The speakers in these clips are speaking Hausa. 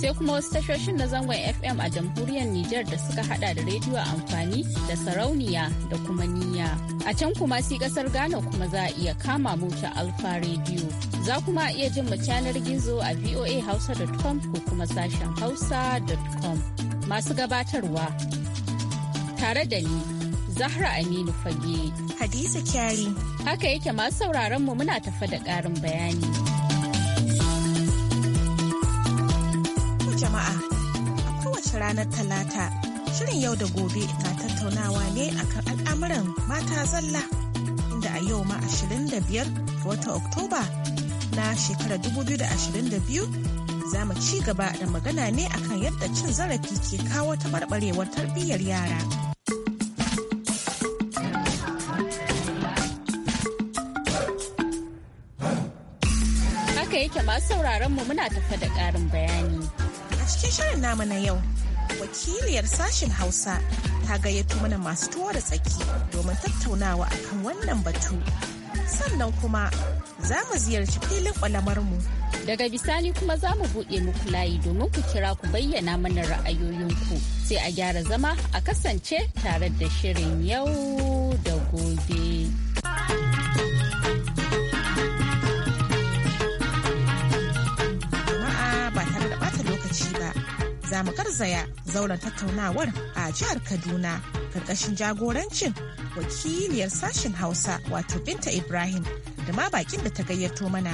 sai kuma wasu tashoshin na zangon fm a jamhuriyar nijar da suka hada da rediyo amfani da sarauniya da kuma niya a can kuma si kasar ghana kuma za a iya kama mu alfa rediyo za kuma iya jin mu canar gizo a voa hausa.com ko kuma sashen hausa.com masu gabatarwa tare da ni zahra aminu fage hadisa kyari haka yake masu sauraron mu muna tafa da karin bayani. jama'a. A kowace ranar Talata, shirin yau da gobe na tattaunawa ne akan al'amuran mata zalla. Inda a yau ma 25 ga watan Oktoba na shekarar 2022 za mu ci gaba da magana ne akan yadda cin zarafi ke kawo taɓarɓarewar tarbiyyar yara. haka yake masu sauraron mu muna tafa da ƙarin bayani. cikin shirin namu na yau wakiliyar sashen hausa ta gayyato mana masu tuwo da tsaki domin tattaunawa akan wannan batu sannan kuma za mu ziyarci filin kwalamar mu. daga bisani kuma za mu buɗe muku layi domin ku kira ku bayyana mana ra'ayoyinku sai a gyara zama a kasance tare da shirin yau da gobe. za mu garzaya zauren tattaunawar a jihar Kaduna karkashin jagorancin wakiliyar sashen Hausa wato Binta Ibrahim da ma bakin da ta gayyato mana.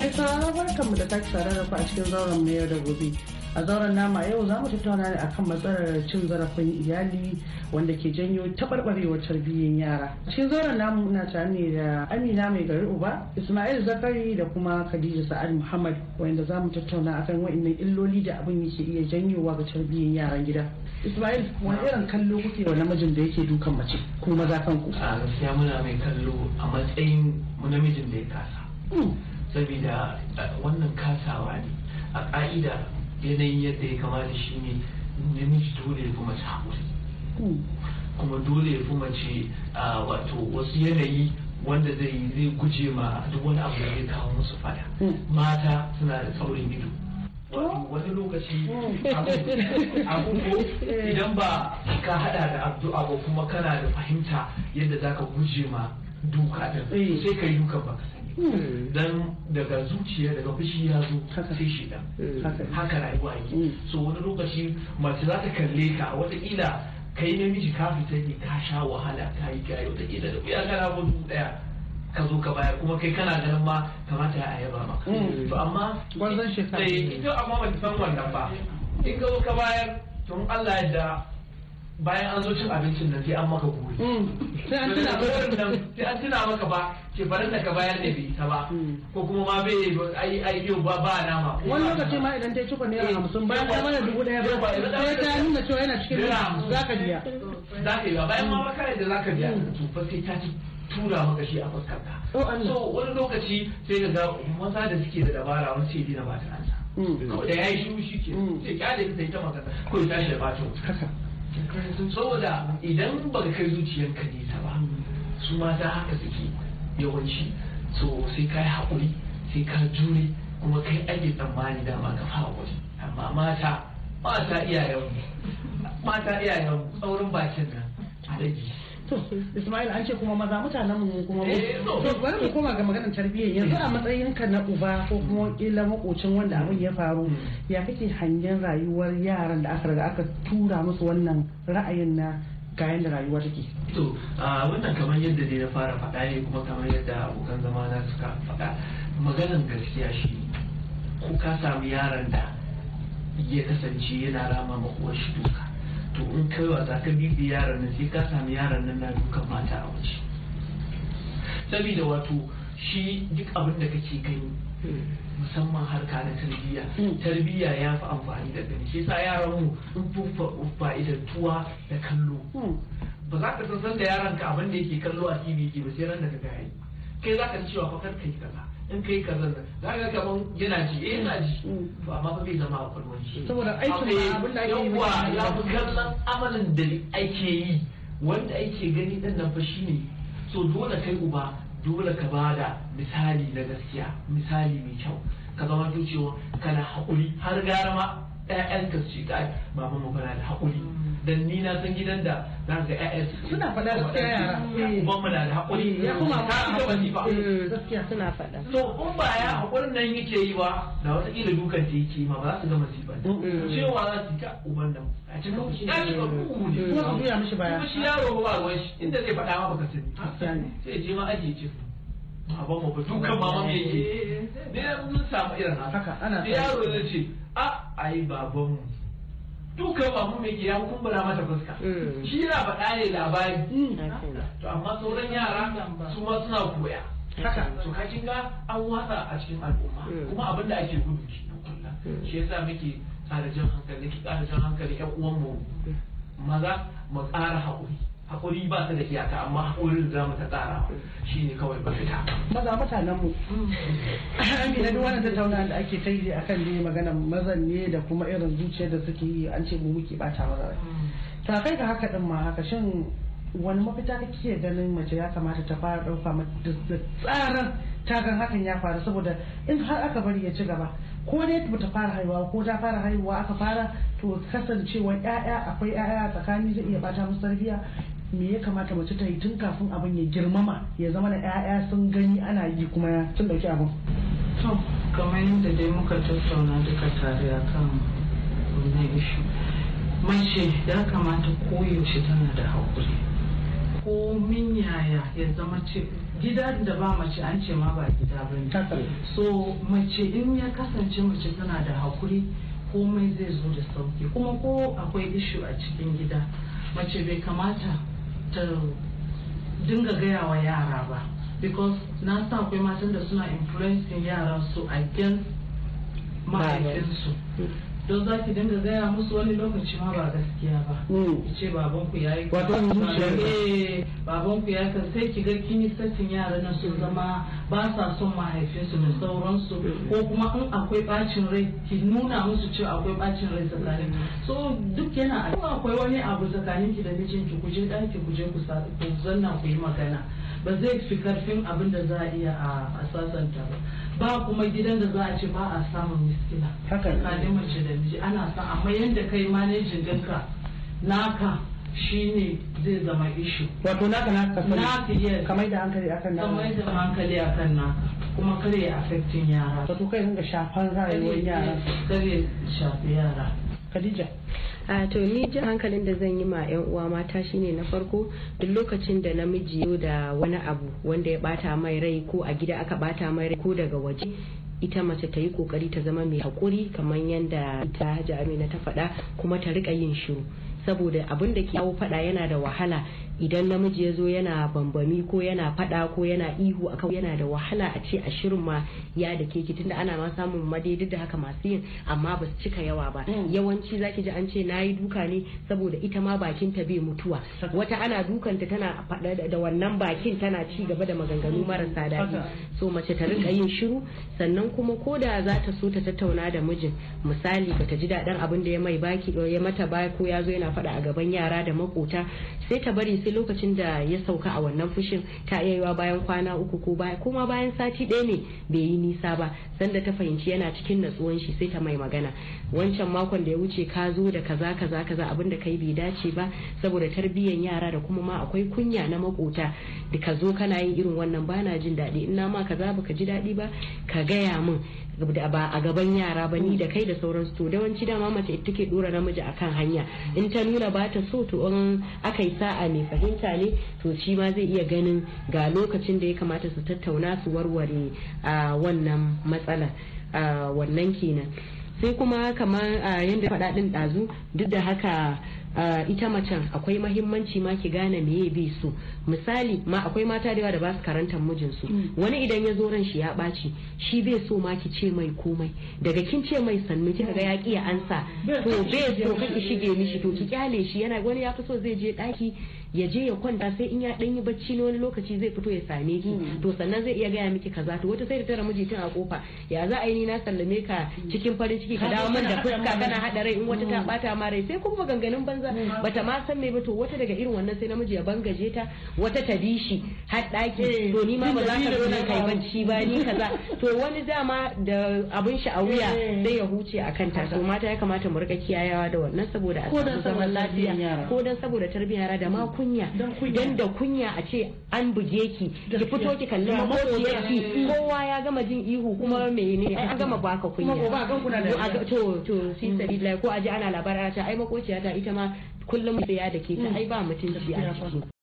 Ai, barkanmu da sake tare da ku a cikin zauren mayar da gobe. a zauren nama yau za mu tattauna ne akan matsalar cin zarafin iyali wanda ke janyo taɓarɓarewar tarbiyyar yara cikin zauren namu na tare da amina mai gari uba ismail zakari da kuma khadija sa'ad muhammad wanda za mu tattauna akan wa'annan illoli da abin yake iya janyowa ga tarbiyyar yaran gida ismail wani irin kallo kuke wa namijin da yake dukan mace ko maza kanku a gaskiya muna mai kallo a matsayin namijin da ya kasa hmm. saboda wannan kasawa ne a ƙa'ida yanayin yadda ya kamata shi ne namiji dole ya fi mace haƙuri kuma dole ya fi mace wato wasu yanayi wanda zai zai guje ma duk wani abu da zai kawo musu fada mata suna da saurin ido wani lokaci abubuwa idan ba ka hada da addu'a ba kuma kana da fahimta yadda zaka guje ma duka eh. sai ka yi dukan baka sani Hmm. dan daga zuciya daga fushi ya zo sai shi hmm. haka rayuwa yake hmm. so wani lokaci mace za ta kalle ka a watakila kai namiji ka fita ne ka sha wahala ka yi kira watakila da wuya kana gudu daya ka zo ka baya kuma kai kana ganin ma kamata ya yaba maka. to amma gwanzon shekara eh, ita amma ba ta san wannan ba in ka zo ka bayar tun Allah ya da bayan an zo cin abincin nan sai an maka gori mm. sai an tuna maka sai an tuna maka ba ke farin da ka bayar da bai ta ba mm. ko kuma ma bai ai ai yau ba ba nama wani lokaci ma idan dai cikon naira eh. hamsin bayan ta mana dubu daya ba sai ta nuna cewa yana cikin za ka biya za ka biya bayan ma mm. maka da za ka biya to fa sai ta ci tura maka shi a fuskar ka oh, so wani lokaci sai ka ga maza da suke da dabara wani sai dina ba ta ansa da ya yi shiru shi ke sai kyale ta yi ta maka ko ta shi ba ta saboda idan baka kai zuciyarka nesa ba su mata haka suke yawanci so sai yi haƙuri sai ka jure kuma kai ake tsammani dama ka fa haƙuri amma mata mata iyayenmu mata iyayenmu tsaurin bakin nan a rage to Ismail an ce kuma maza mutanen mu kuma eh, to bari mu koma ga maganar tarbiyyar yanzu a matsayin ka na uba ko kuma kila makocin wanda abin ya faru hmm. ya kake hangen rayuwar yaran da aka aka tura musu wannan ra'ayin na ga yadda rayuwa take. To wannan kamar yadda dai na fara faɗa ne kuma kamar yadda abokan zama na suka faɗa maganar gaskiya shi ko ka samu yaran da ya kasance yana rama makuwar shi duka to in kai wasa ka bibi yaran nan sai ka sami yaran nan na duka mata a waje saboda wato shi duk abin da kake gani musamman harka na tarbiyya mm. tarbiyya ya fi amfani da gani shi sa yaran mu in fa'idantuwa da kallo mm. ba za ka san da yaran ka abin da yake kallo a tv ba sai ran da ka ga kai za ka ji cewa fa kar ka yi kaza in kai kaza nan za ka kaman yana ji eh yana ji mm. to amma ba bai zama a kwalwar shi saboda aikin abin da ake yi ya fi kallon amalin da ake yi wanda ake gani dan nan fa shine so dole kai uba dole ka bada misali na gaskiya misali mai kyau ka zama to cewa kana hakuri har gara ma ɗayan ka su ce mama mu kana da hakuri. Mm. dan ni na san gidan da za ga ƴaƴan suna faɗa gaskiya yara ban eh. mu na da hakuri eh, ya kuma ta ga ba eh, gaskiya suna faɗa to in ba ya hakurin nan yake yi ba da wata kila dukan da yake ma ba za su ga masifa mm, mm. cewa za su ta uban nan a cikin ya ci ba ku ne kuma su mm, mishi baya kuma shi yaro ba ruwan shi inda zai faɗa ma baka sani sai je ma aje ce Abon mu dukan mama me yi. ne mun samu irin haka yaro zai ce a ah, ai babanmu duka ba mu mai gida kumbura mata fuska mm. shi na faɗa ne labari mm. to amma sauran yara su ma suna koya saka to ka ga an watsa a cikin al'umma mm. kuma abin da ake gudu shi shi yasa muke tsara jan hankali tsara jan hankali ƴan uwan mu maza mu tsara haƙuri hakuri ba su da iyaka amma hakurin da mu ta tsara shi ne kawai ba fita. Maza mutanen mu. Amina duk wannan tattauna da ake ta yi akan ne magana mazan ne da kuma irin zuciyar da suke yi an ce mu muke bata maza Ta kai ga haka din ma haka shin wani mafita kake ganin mace ya kamata ta fara ɗauka da tsaran tagan hakan ya faru saboda in har aka bari ya ci gaba ko ne ta fara haihuwa ko ta fara haihuwa aka fara to kasancewa ya'ya akwai ya'ya tsakani zai iya bata musu tarbiyya me ya kamata mace ta yi tun kafin abin ya girmama ya zama da 'ya'ya sun gani ana yi kuma ya sun dauki abin to kamar yadda dai muka tattauna duka tare akan wannan ishu mace ya kamata koyaushe tana da haƙuri ko min yaya ya zama ce gida da ba mace an ce ma ba gida ba ne so mace in ya kasance mace tana da haƙuri komai zai zo da sauki kuma ko akwai ishu a cikin gida mace bai kamata ta dinga gaya wa yara ba because na sa akwai matan da suna influencing yara su against mahaifinsu don za ki dinga gaya musu wani lokaci ma ba gaskiya ba mm. ki ce baban ku yayi wato eh baban ku yayi kan sai ki ga kini yi satin yaran nan su zama ba sa son mahaifinsu da sauransu ko kuma in akwai bacin rai ki nuna musu cewa akwai bacin rai tsakanin so duk yana akwai wani abu tsakanin ki da mijinki ku je daki ku je ku zanna ku yi magana ba zai fi karfin abin da za a iya a sasanta ba ba kuma gidan da za a ce ba a samun miskila ne mace da miji ana sa amma yadda kai manajin dinka naka shine zai zama ishu wato naka naka sani kamar da hankali akan naka kamar da hankali akan naka kuma kare ya affecting yara wato kai ga shafan rayuwar yara kare shafi yara Khadija a to ni ji hankalin da zan yi ma yan uwa mata shine na farko duk lokacin da namiji yau da wani abu wanda ya bata mai rai ko a gida aka bata mai rai ko daga waje ita mace ta yi kokari ta zama mai hakuri kamar yadda ita hajji amina ta faɗa kuma ta riƙa yin shiru saboda abin da ke yawo faɗa yana da wahala idan namiji ya zo yana bambami ko yana fada ko yana ihu akan yana da wahala a ce a shirin ma ya da keke. tunda ana ma samun madaidai da haka masu yin amma ba su cika yawa ba mm. yawanci zaki ji an ce nayi duka ne saboda ita ma bakin ta bai mutuwa wata ana dukanta tana fada da wannan bakin tana ci gaba da maganganu mm. marasa daɗi so mace ta rinka yin shiru sannan kuma ko da za ta so ta tattauna da mijin misali bata ji daɗin abin da ya mai baki ya mata ba ko ya zo yana fada a gaban yara da makota sai ta bari sai lokacin da ya sauka a wannan fushin ta iya bayan kwana uku ko baya kuma bayan sati ɗaya ne bai yi nisa ba sanda ta fahimci yana cikin natsuwan shi sai ta mai magana wancan makon da ya wuce ka zo da kaza kaza kaza abin da kai bai dace ba saboda tarbiyyan yara da kuma ma akwai kunya na makota da ka zo kana yin irin wannan bana jin daɗi in na ma kaza baka ji daɗi ba ka gaya min ba a gaban yara ba ni da kai da sauran su to yawanci dama mace ita take dora namiji akan hanya in ta nuna ba ta so to in aka yi sa'a ne fahimta ne to shi ma zai iya ganin ga lokacin da ya kamata su tattauna su warware a wannan matsala wannan kenan sai kuma kamar yadda faɗa ɗin ɗazu duk da haka ita macen akwai mahimmanci ma ki gane meye bi su misali ma akwai mata da yawa da ba su karantar mijinsu mm. wani idan ya zo ran shi ya baci shi bai so ma ki ce mai komai daga kin ce mai sannu kika ga ya ki ya ansa to bai so ki shige mishi to ki kyale shi yana wani ya fi so zai je ɗaki ya je ya kwanta sai in ya dan yi bacci ne wani lokaci zai fito ya same ki hmm. to sannan zai iya gaya miki kaza to wata sai da tara miji tun a kofa ya za a yi ni na sallame ka cikin farin ciki ka dawo min da fuska kana hada rai in wata ta bata hmm. ma rai sai kuma ganganin banza hmm. bata ma san me ba to wata daga irin wannan sai namiji ya bangaje ta wata ta shi har daki to ni ma ba za ka zo nan kai bacci ba ni kaza to wani dama da abin shi a wuya sai ya huce akan ta to mata ya kamata mu rika kiyayawa da wannan saboda a samu zaman lafiya ko dan saboda tarbiyyar da ma kunya dan da kunya a ce an buge ki ki fito ki kalli makociyarki mm. kowa ya gama jin ihu kuma mm. ne eh, an gama baka kunya to to sai mm. sabila ko aje ana labarin ta ai makociyata ita ma kullum sai ya dake ta ai ba mutunci a ciki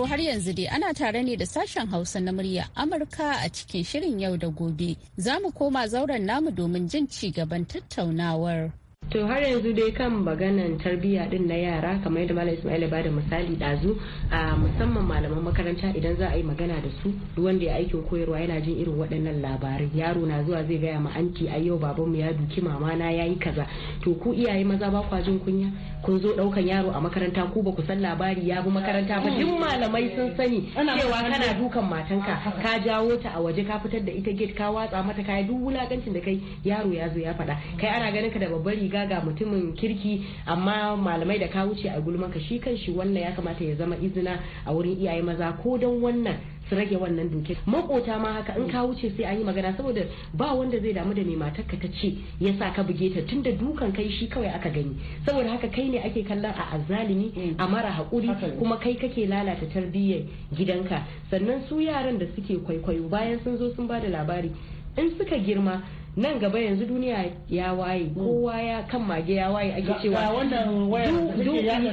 sauraro har yanzu dai ana tare ne da sashen Hausa na murya Amurka a cikin shirin yau da gobe. Za mu koma zauren namu domin jin ci gaban tattaunawar. To har yanzu dai kan maganan tarbiyya din na yara kamar yadda Malam Ismail ba da misali dazu a musamman malaman makaranta idan za a yi magana da su duk wanda ya aikin koyarwa yana jin irin waɗannan labarai yaro na zuwa zai gaya ma anti a yau babanmu ya duki mama na yayi kaza to ku iyaye maza ba kwa jin kunya kun zo daukan yaro a makaranta ku ba ku san labari ya bi makaranta ba duk malamai sun sani cewa kana dukan matanka ka jawo ta a waje ka fitar da ita gate ka watsa mata kai duk wulakancin da kai yaro ya zo ya faɗa kai ana ganin ka da babbar riga ga mutumin kirki amma malamai da ka wuce a gulmanka shi kan shi wannan ya kamata ya zama izina a wurin iyaye maza ko don wannan su rage wannan doke makota ma haka in ka wuce sai an yi magana saboda ba wanda zai damu da mai matar ka ta ce yasa ka buge ta tunda dukan kai shi kawai aka gani saboda haka kai ne ake kallon a azalimi a mara haƙuri kuma kai kake lalata tarbiyyar gidanka sannan su yaran da suke kwaikwayo bayan sun zo sun ba da labari in suka girma nan gaba yanzu duniya ya waye hmm. kowa ya kan mage ya waye ake cewa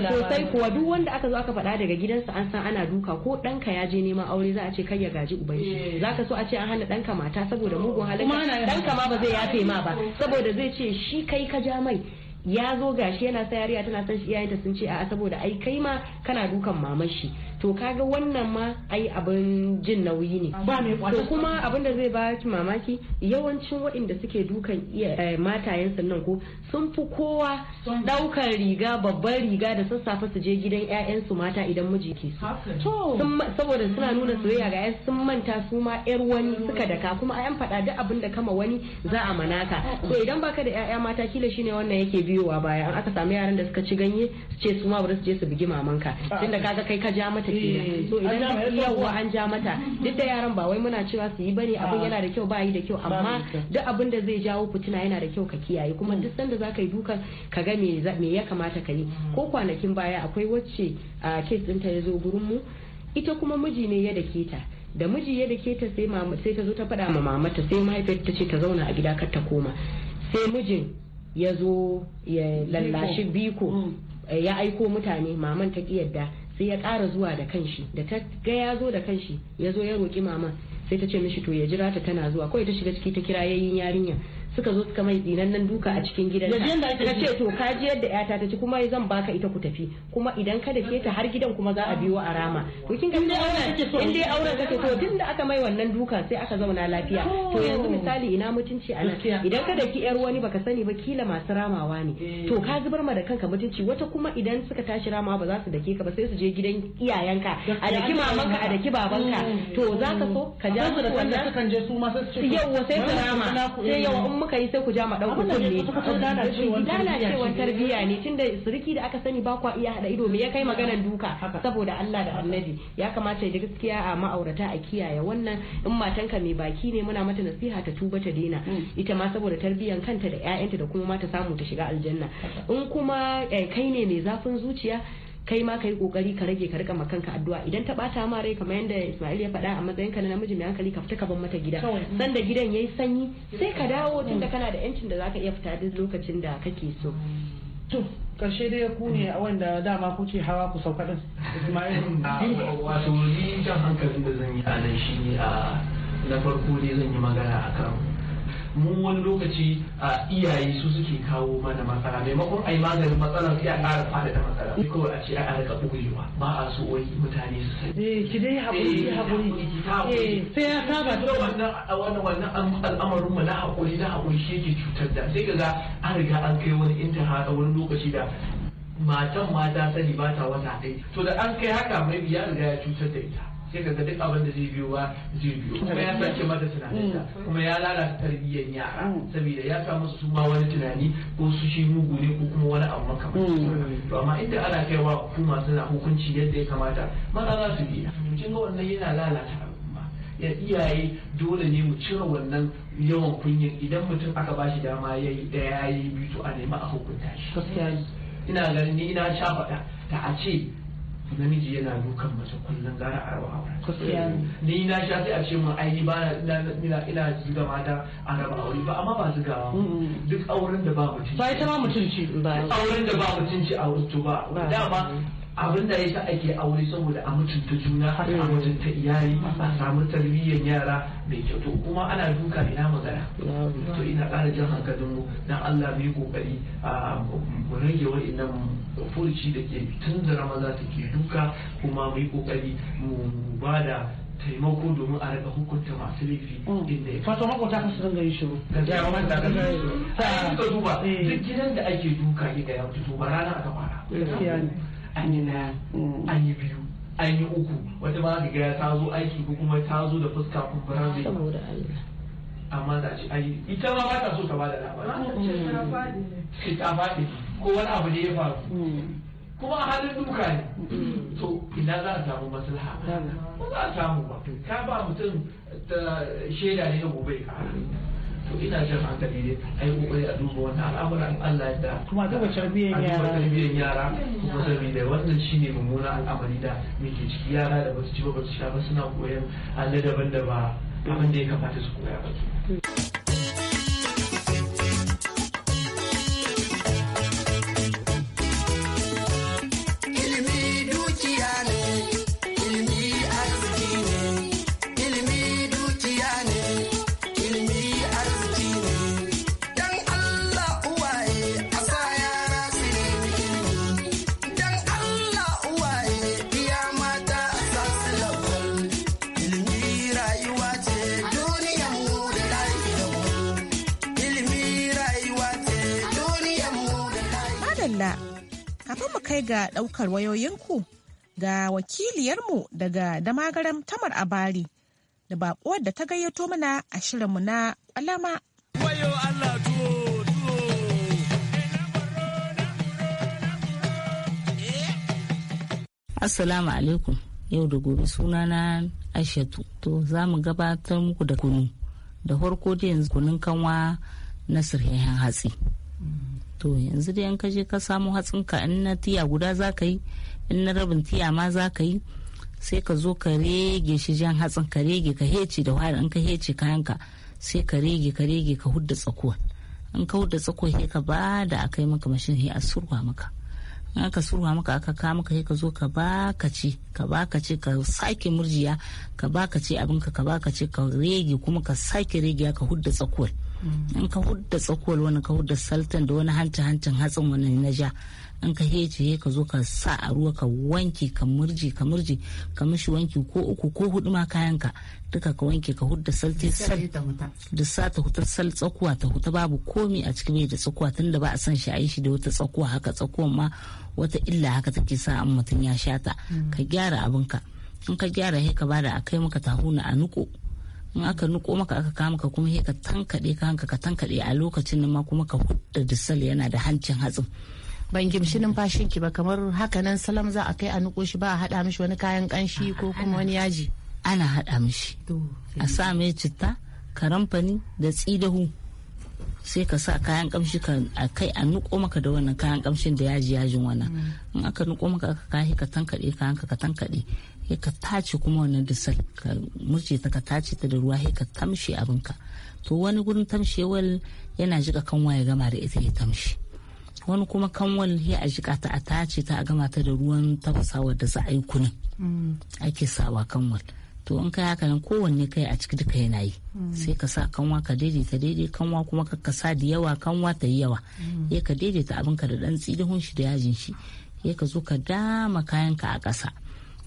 sosai kuwa duk wanda aka zo aka faɗa daga gidansa an san ana duka ko ɗanka ya je neman aure za a ce kai ya gaji uban shi eh. za ka so a ce an hana ɗanka mata saboda mugun halitta ɗanka ma ba zai yafe ma ba saboda zai ce shi kai ka ja mai ya zo gashi yana sayariya tana san shi iyayenta sun ce a saboda ai kai ma kana dukan mamashi. to kaga wannan ma ai abin jin nauyi ne ba mai kuma abin da zai ba mamaki yawancin waɗanda suke dukan eh, matayen sannan ko sun fi kowa daukar riga babbar riga da sassafe su je gidan 'ya'yansu mata idan miji ke su saboda suna nuna mm. soyayya ga ƴaƴan sun manta su ma ƴar wani suka daka kuma ayan faɗa duk abin da kama wani za a manaka to idan baka da 'ya'ya mata kila shine wannan yake biyowa baya an aka samu yaran da suka ci ganye su ce su ma bari su je su bugi mamanka tunda kaga kai ka ja mata mata eh, kenan so idan yawwa an ja mata duk da yaran ba wai muna cewa su yi bane ah. abin yana da kyau ba yi da kyau amma duk abin da zai jawo fitina yana da kyau ka kiyaye kuma hmm. duk sanda za ka yi dukan ka ga me ya kamata ka yi hmm. ko kwanakin baya akwai wacce a kes ɗinta ya zo gurin mu ita kuma miji ne ya dake ta da miji ya dake ta sai mama sai ta zo ta fada ma mamata sai mahaifiyar ta ce ta zauna a gida kar ta koma sai mijin ya zo ya lallashi biko hmm. ya aiko mutane maman ta ki yadda sai ya ƙara zuwa da kanshi da ta ga ya zo da kanshi ya zo ya roƙi mama sai ta ce mishi to ya jira ta tana zuwa kawai ta shiga ciki ta kira yayin yarinya suka zo suka mai dinan nan duka a cikin gidan ta ka ce to ka ji yadda yata ta ci kuma zan baka ita ku tafi kuma idan ka dake ta har gidan kuma za a biyo a rama to kin ga so dai auren kake so tun da aka mai wannan duka sai aka zauna lafiya oh. to yanzu misali ina mutunci a nan idan ka ki yar wani baka sani ba kila masu ramawa ne eh. to ka zubar ma da kanka mutunci wata kuma idan suka tashi ramawa ba za su dake ka ba sai su je gidan iyayenka a daki mamanka a daki babanka hmm. to za ka so ka ja su wannan yawa sai su rama sai yawa kuka yi sai ku ja ma dan dana ce lalacewan tarbiyya ne tunda suriki da aka sani ba kwa iya hada ido me ya kai maganan duka saboda Allah da Annabi ya kamata da gaskiya a ma'aurata a kiyaye wannan in matanka mai baki ne muna mata nasiha ta tuba ta daina mm. ita ma saboda tarbiyan kanta da 'ya'yanta da kuma ma ta samu ta shiga aljanna in kuma eh, kai ne mai zafin zuciya kai ma ka yi kokari ka rage ka rika ma kanka addu'a idan ta bata ma rai kamar yadda Ismail ya faɗa a matsayin ka na namiji mai hankali ka fita ka bar mata gida san da gidan yayi sanyi sai ka dawo mm. tunda kana da yancin da zaka iya fita duk lokacin da kake so to karshe dai ku ne mm. wanda dama ku ce hawa ku sauka din Ismail ah, wato ni jan hankalin da zan yi a nan shi a ah, na farko dai zan yi magana akan mu wani lokaci a iyaye su suke kawo mana matsala maimakon a yi maganin matsalar sai a ƙara fada da matsala kawai a ce a rika ɓoyewa ba a so wai mutane su sani. Eh, ki dai haƙuri ki eh, haƙuri eh, sai ya saba da wannan wannan wannan al'amarin mu na haƙuri na haƙuri shi yake cutar da sai kaga an riga an kai wani intaha a wani lokaci da matan ma ta sani ba ta wata ɗaya to da an kai haka mai ya riga ya cutar da ita sai ka duk abin da zai biyo ba zai biyo kuma ya sace mata tunaninta mm. kuma ya lalata tarbiyyar yara mm. saboda ya samu su ma wani tunani ko su shi mugu ne ko kuma wani abu makamanci mm. to amma inda ana kai wa hukuma suna hukunci yadda ya kamata maza za su bi kin ga wannan yana lalata al'umma ya iyaye dole ne mu cire wannan yawan kunyin idan mutum aka ba shi dama ya yayi da yayi biyu to a nemi a hukunta shi ina ganin ni ina sha ta a ce namiji yana dukan mace kullum gara a rawa aure ni na sha sai a ce mun ai ba ina ina zuga mata a raba aure ba amma ba zugawa duk auren da ba mutunci ta ma mutunci ba auren da ba mutunci a wato ba dama abin da yasa ake aure saboda a mutunta juna a mm. mutunta iyali a samu tarbiyyar yara mai kyau to kuma ana duka ina magana to ina ƙara jan hankalin mu dan Allah mu yi kokari a ah, mu rage furci da ke tun da za ta ke duka kuma mu yi kokari mu ba da taimako domin a rika hukunta masu laifi mm. inda ya fata makwata mm. ka sun gari shiru ga zai yawan da ka zai sai duba mm. duk gidan da ake duka gida ya fito ba rana aka fara an yi na an yi biyu an yi uku wata ma ga gaya ta zo aiki ko kuma ta zo da fuska kun kumbura zai amma da a ai ita ma ba ta so ta ba da labarin ta faɗi ko wani abu da ya faru hmm. kuma a halin duka ne hmm. to ina za a samu maslaha ba za a samu ba ka ba mutum shaida ne na gobe ka to ina jin hankali ne a yi kokari a duba wannan al'amuran Allah da kuma duba tarbiyyar yara tarbiyyar yara hmm. kuma saboda wannan shine mummunan al'amari da muke ciki yara da basu ci ba basu sha ba suna koyan Allah daban da ba abin da ya kamata su koya ba ga ɗaukar wayoyinku ga wakiliyarmu daga damagaram tamar abari da baƙuwar da ta gayyato mana a shirinmu na ƙwalama. asalamu alaikum yau da gobe sunana Aishatu to za mu gabatar muku da kunu da farko da yanzu kunun kanwa na sirhehen hatsi to yanzu dai yanka ka je ka samu hatsinka in na tiya guda za ka yi in na rabin tiya ma za ka yi sai ka zo ka rege shi jan hatsin ka rege ka hece da wahala in ka hece kayanka sai ka rege ka rege ka hudda tsakuwa in ka hudda tsakuwa sai ka ba da yi maka mashin sai a surwa maka in aka surwa maka aka ka maka sai ka zo ka ba ka ci ka ba ka ci ka sake murjiya ka ba ka ci abinka ka ba ka ci ka rege kuma ka sake rege ka hudda tsakuwar in ka hudda tsakuwar wani ka hudda saltan da wani hancin hancin hatsin wani na ja in ka hece ka zo ka sa a ruwa ka wanke ka murji ka murji ka mishi wanki ko uku ko hudu ma kayanka duka ka wanke ka hudda salti sal da sa ta huta sal tsakuwa ta huta babu komi a cikin bai da tsakuwa tunda ba a san shi a yi shi da wata tsakuwa haka tsakuwan ma wata illa haka take sa an mutum ya sha ta mm. ka gyara abinka in ka gyara sai ka bada a kai maka tahuna a nuko in aka nuko maka aka kama ka kuma ka tankaɗe ka hanka ka tankade a lokacin nan ma kuma ka hudda sal yana da hancin hatsin ban gimshi numfashin ki ba kamar haka nan salam za a kai a nuko shi ba a haɗa mishi wani kayan kanshi ko kuma wani yaji ana haɗa mishi a sa mai citta karamfani da tsidahu sai ka sa kayan kamshi ka kai a nuko maka da wannan kayan kamshin da yaji yajin wannan mm. in aka nuko maka aka kai ka tankaɗe ka hanka ka tankade ka tace kuma wannan dusar ka murce ta ka tace ta da ruwa ya ka tamshe abinka to wani gurin tamshewal yana jika kanwa ya gama da ita ya tamshe wani kuma kanwal ya a jika ta a tace ta a gama ta da ruwan tafasawa da za a yi kunin mm. ake sawa kanwal to in kai haka nan kowanne kai a ciki duka yana yi mm. sai ka sa kanwa ka daidaita daidai kanwa kuma ka sa da yawa kanwa ta yi yawa ya mm. ka daidaita abinka da dan tsidihun shi da yajin shi ya ka zo ka dama kayanka a ƙasa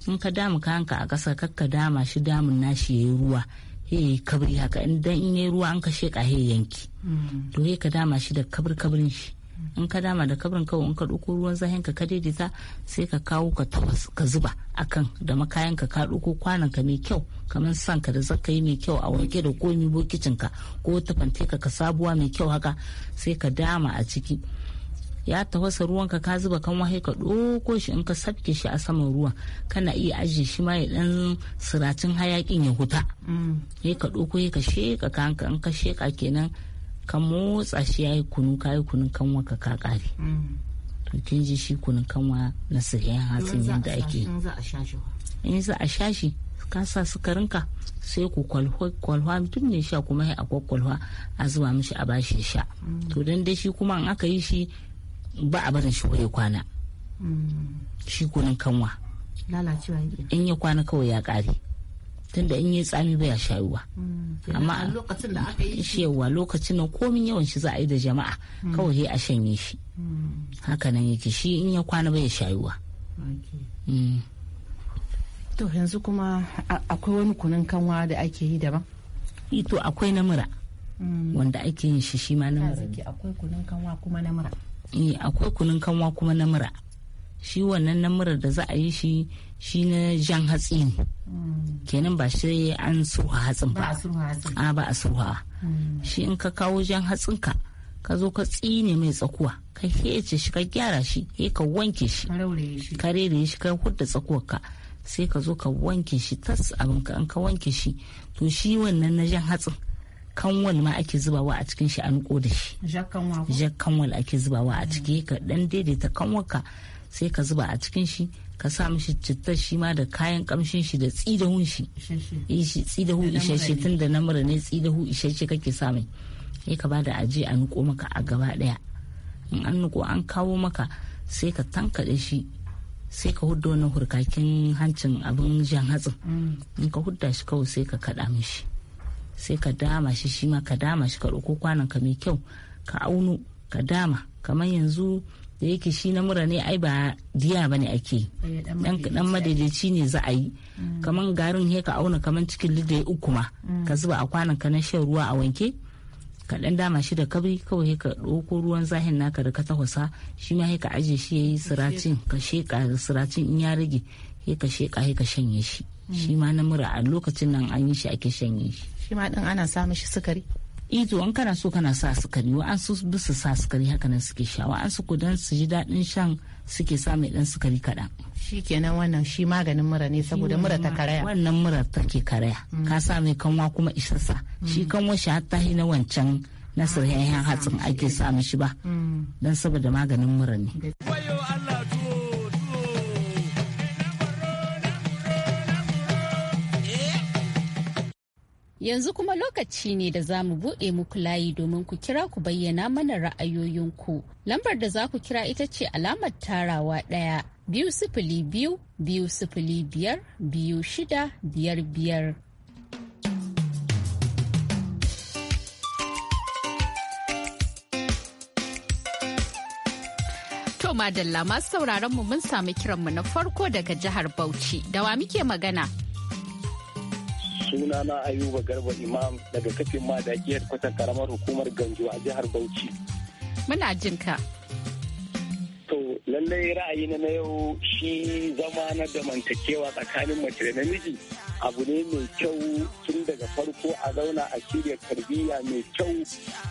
in ka damu kayanka a ƙasa kakka dama shi damun nashi yi ruwa he kabri haka in dan in yayi ruwa an ka sheka he yanki mm. to he ka dama shi da kabir kabrin shi in ka dama da kabrin kawai in ka ɗauko ruwan zahin ka daidaita sai ka kawo ka tabas ka zuba akan da makayan ka ka ɗauko kwanan ka mai kyau kamar san ka da zaka yi mai kyau a wanke da komi bokicin ka ko tafante ka ka sabuwa mai kyau haka sai ka dama a ciki ya tafasa ruwanka ka zuba kan wahai ka ɗoko shi in ka sabke shi a saman ruwa kana iya ajiye shi ma ya ɗan siracin hayakin ya huta ya mm. ka ɗoko ya ka sheka kanka in ka sheka kenan ka motsa shi ya yi kunu ka yi kunun kanwa ka ka ƙare mm. to kin ji shi kunun kanwa na sirriyan hatsin yadda ake in za a sha shi ka sa ka sai ku kwalwa mutum ne sha kuma ya a kwalwa a zuba mishi a bashi sha mm. to dan dai shi kuma in aka yi shi ba a barin shi ya kwana shi kunin kanwa in ya kwana kawai ya kare tunda in yi tsami baya shayuwa hmm, amma lokacin da aka yi shi yawa lokacin na komin yawan shi za a yi da jama'a hmm. kawai sai a shanye shi hmm. hakanan yake shi in ya kwana baya shayuwa to yanzu kuma akwai wani kunun kanwa da ake yi daban ito akwai namura wanda ake yin shi shi ma namura akwai kanwa kuma Eh, akwai kunun kanwa kuma na mura shi wannan na mura da za a yi shi shi na jan hatsi ne kenan ba shi an hatsin ba a ba a hmm. shi in ka kawo jan hatsin ka ka zo ka tsine mai tsakuwa ka hece shi ka gyara shi he ka wanke shi ka rere shi ka hudda ka sai ka zo ka wanke shi tas abin ka an ka wanke shi to shi wannan na jan hatsin kanwal ma ake zubawa a cikin shi a niko da shi jak kanwal ake zubawa a ciki mm. ka dan daidaita kanwarka sai ka zuba a cikin shi ka sa mishi cittar shi ma da kayan kamshin shi da tsidahun shi tsidahu isheshe eh, tun da namura ne tsidahu isheshe kake sa mai sai ka bada aje a niko maka a gaba daya in an niko an kawo maka sai ka tankaɗe shi sai ka hudu wani hurkakin hancin abin jan hatsin mm. in ka hudda shi kawai sai ka kaɗa mishi sai ka dama shi shi ma ka dama shi ka ɗauko kwanan ka mai kyau ka aunu ka dama kamar yanzu da yake shi na mura ne ai ba diya bane ake dan dan madaidaici ne za a yi mm. kamar garin he ka auna kamar cikin lidda uku ma mm. ka zuba a kwanan ka na shan ruwa a wanke ka dan dama shi da kabri kawai ka ɗauko ruwan zahin naka da ka tahwasa shi ma ka aje shi ya yi siracin ka sheka da siracin in ya rage he ka sheka he ka shanye shi shi ma na mura a lokacin nan an yi shi ake shanye shi shi ma din ana sa mishi sukari eh an kana so kana sa sukari wa an su bisa sa sukari haka nan suke sha wa an su kudan su ji daɗin shan suke sa mai dan sukari kaɗan shi kenan wannan shi maganin mura ne saboda mura ta karaya wannan mura take karaya mm. ka sa mai kanwa kuma isassa shi mm. kanwa shi hatta na wancan nasir hatsin ake sa mishi ba don saboda maganin mura ne. Yanzu kuma lokaci ne da za mu buɗe muku layi domin ku kira ku bayyana mana ra'ayoyinku. Lambar da za ku kira ita ce alamar tarawa ɗaya biyu sifili biyu biyu sifili biyar biyu shida biyar biyar. To madalla masu sauraron mu mun sami kiranmu na farko daga jihar Bauchi. dawa muke magana? suna na ayuba garba imam daga kafin madagiyar kwatan karamar hukumar ganjo a jihar bauchi muna jin ka to lallai ra'ayi na yau shi zama na damantakewa tsakanin mace da namiji abu ne mai kyau tun daga farko a zauna a shirya tarbiyya mai kyau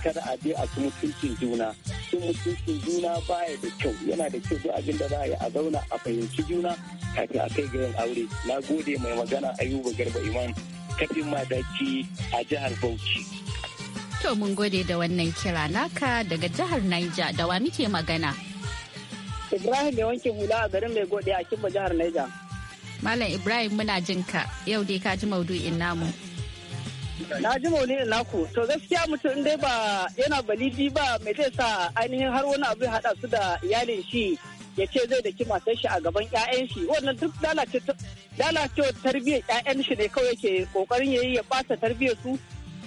kada a je a ci mutuncin juna cin mutuncin juna baya da kyau yana da kyau duk abin da za a yi a zauna a fahimci juna kafin a kai ga yin aure na gode mai magana ayuba garba iman. kafin madaki a jihar Bauchi. To mun gode da wannan kira naka daga jihar Niger da wa muke magana. Ibrahim mai wanke hula a garin mai gode a Kimba jihar Niger. Malam Ibrahim muna jin ka yau dai ka ji maudu'in namu. Na ji maudu'in naku to gaskiya mutum dai ba yana balidi ba mai zai sa ainihin har wani abu ya haɗa su da iyalin shi ya ce zai daki sai shi a gaban 'ya'yan shi wannan duk lalacewar tarbiyyar 'ya'yan shi ne kawai ke kokarin ya yi ya bata tarbiyyar su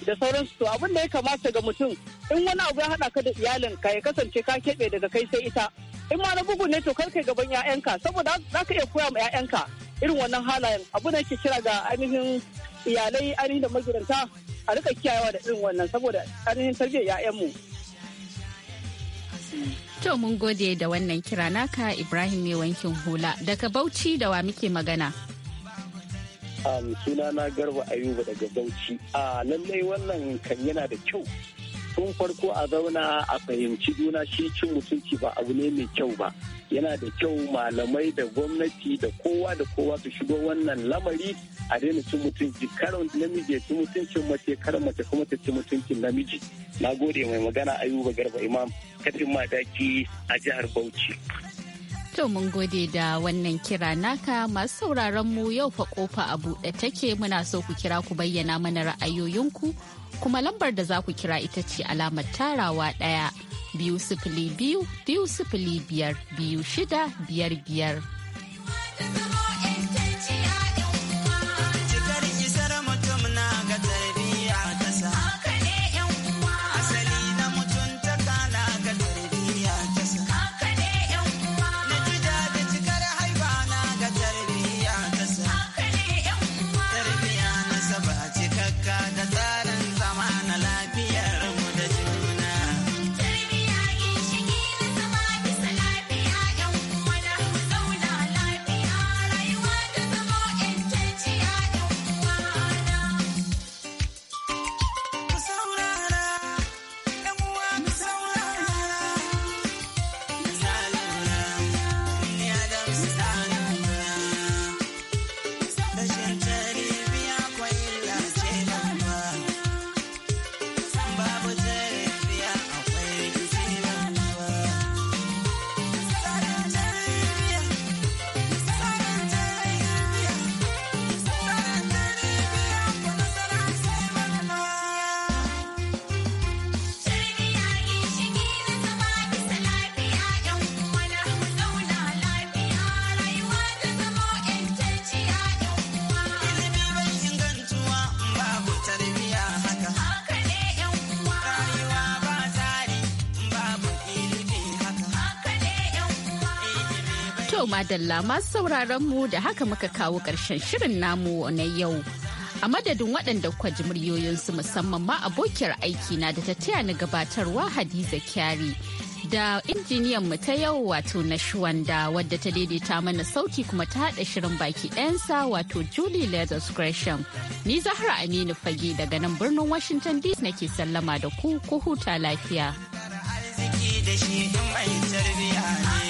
da sauransu to abin da ya kamata ga mutum in wani abu ya haɗa ka da iyalin ka ya kasance ka keɓe daga kai sai ita in ma na bugu ne to kar kai gaban 'ya'yanka saboda za ka iya koya ma ka irin wannan halayen abu da ke kira ga ainihin iyalai ainihin da magidanta a rika kiyayewa da irin wannan saboda ainihin tarbiyyar 'ya'yanmu. mu To mun gode da wannan kira naka Ibrahim mai wankin hula daga Bauchi da wa muke magana. sunana suna na garba ayuba daga Bauchi. A ah, lallai wannan kan yana da kyau tun farko a zauna a fahimci juna shi cin mutunci ba abu ne mai kyau ba yana da kyau malamai da gwamnati da kowa da kowa su shigo wannan lamari a daina cin mutunci karon namiji ya ci mutuncin mace karon mace kuma ta ci mutuncin namiji na gode mai magana ayuba garba imam kafin madaki a jihar bauchi To mun gode da wannan kira naka masu sauraron mu yau fa kofa a buɗe take muna so ku kira ku bayyana mana ra'ayoyinku kuma lambar da za ku kira ita ce alamar tarawa ɗaya biyu sifili biyu biyu sifili biyar biyu shida biyar biyar. To madalla masu sauraron mu da haka muka kawo ƙarshen shirin namu na yau. A madadin waɗanda kwa ji muryoyinsu musamman ma abokiyar aiki na da ta taya ni gabatarwa Hadiza Kyari. Da injiniyan mu ta yau wato na Shuwanda wadda ta daidaita mana sauti kuma ta haɗa shirin baki ɗayansa wato Julie Leathers Gresham. Ni Zahra Aminu Fage daga nan birnin Washington DC nake sallama da ku ku huta lafiya. arziki